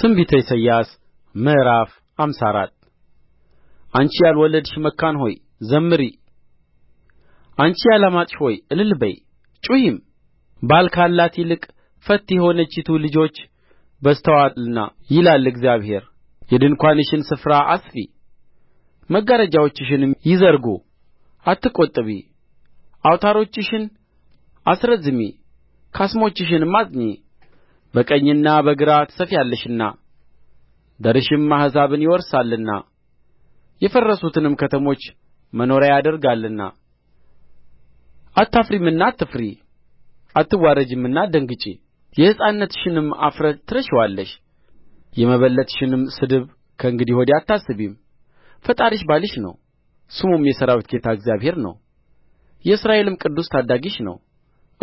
ትንቢተ ኢሳይያስ ምዕራፍ ሃምሳ አራት አንቺ ያልወለድሽ መካን ሆይ ዘምሪ አንቺ ያላማጥሽ ሆይ እልል በዪ ጩኺም ባል ካላት ይልቅ ፈት የሆነቺቱ ልጆች በዝተዋልና ይላል እግዚአብሔር የድንኳንሽን ስፍራ አስፊ መጋረጃዎችሽንም ይዘርጉ አትቈጥቢ አውታሮችሽን አስረዝሚ ካስሞችሽንም አጽኚ በቀኝና በግራ ትሰፋፊያለሽና ደርሽም አሕዛብን ይወርሳልና የፈረሱትንም ከተሞች መኖሪያ ያደርጋልና አታፍሪምና አትፍሪ አትዋረጂምና አትደንግጪ የሕፃንነትሽንም እፍረት ትረሺዋለሽ የመበለትሽንም ስድብ ከእንግዲህ ወዲህ አታስቢም ፈጣሪሽ ባልሽ ነው ስሙም የሠራዊት ጌታ እግዚአብሔር ነው የእስራኤልም ቅዱስ ታዳጊሽ ነው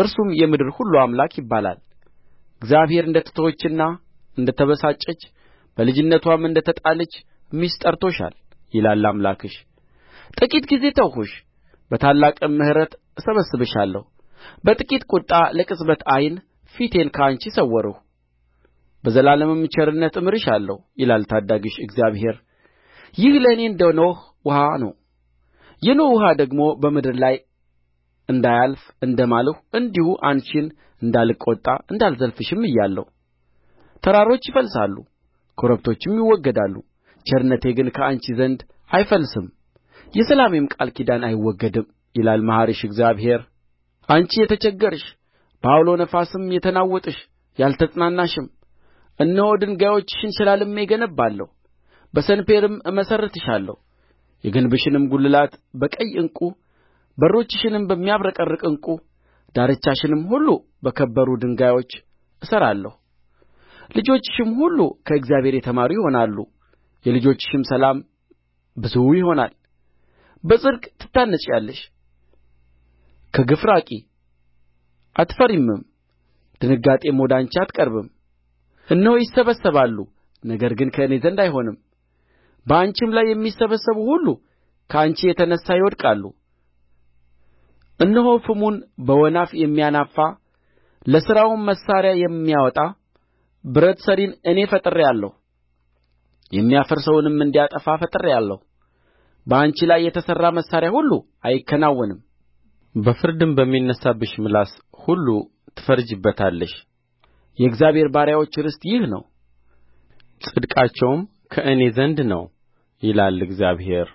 እርሱም የምድር ሁሉ አምላክ ይባላል እግዚአብሔር እንደ ተተወችና እንደ ተበሳጨች በልጅነትዋም እንደ ተጣለች ሚስት ጠርቶሻል ይላል አምላክሽ ጥቂት ጊዜ ተውሁሽ በታላቅም ምሕረት እሰበስብሻለሁ በጥቂት ቍጣ ለቅጽበት ዓይን ፊቴን ከአንቺ ሰወርሁ በዘላለምም ቸርነት እምርሻለሁ ይላል ታዳጊሽ እግዚአብሔር ይህ ለእኔ እንደ ኖኅ ውኃ ነው የኖህ ውኃ ደግሞ በምድር ላይ እንዳያልፍ እንደ ማልሁ እንዲሁ አንቺን እንዳልቈጣ እንዳልዘልፍሽም ምያለሁ ተራሮች ይፈልሳሉ ኮረብቶችም ይወገዳሉ ቸርነቴ ግን ከአንቺ ዘንድ አይፈልስም የሰላሜም ቃል ኪዳን አይወገድም ይላል መሐሪሽ እግዚአብሔር አንቺ የተቸገርሽ በዐውሎ ነፋስም የተናወጥሽ ያልተጽናናሽም እነሆ ድንጋዮችሽን ሸላልሜ እገነባለሁ በሰንፔርም እመሠርትሻለሁ የግንብሽንም ጕልላት በቀይ ዕንቍ በሮችሽንም በሚያብረቀርቅ ዕንቍ ዳርቻሽንም ሁሉ በከበሩ ድንጋዮች እሠራለሁ ልጆችሽም ሁሉ ከእግዚአብሔር የተማሩ ይሆናሉ የልጆችሽም ሰላም ብዙ ይሆናል በጽድቅ ትታነጺያለሽ ከግፍ ራቂ አትፈሪምም ድንጋጤም ወደ አንቺ አትቀርብም እነሆ ይሰበሰባሉ ነገር ግን ከእኔ ዘንድ አይሆንም በአንቺም ላይ የሚሰበሰቡ ሁሉ ከአንቺ የተነሣ ይወድቃሉ እነሆ ፍሙን በወናፍ የሚያናፋ ለሥራውም መሣሪያ የሚያወጣ ብረት ሠሪን እኔ ፈጥሬአለሁ የሚያፈርሰውንም እንዲያጠፋ ፈጥሬአለሁ በአንቺ ላይ የተሠራ መሣሪያ ሁሉ አይከናወንም በፍርድም በሚነሣብሽ ምላስ ሁሉ ትፈርጂበታለሽ የእግዚአብሔር ባሪያዎች ርስት ይህ ነው ጽድቃቸውም ከእኔ ዘንድ ነው ይላል እግዚአብሔር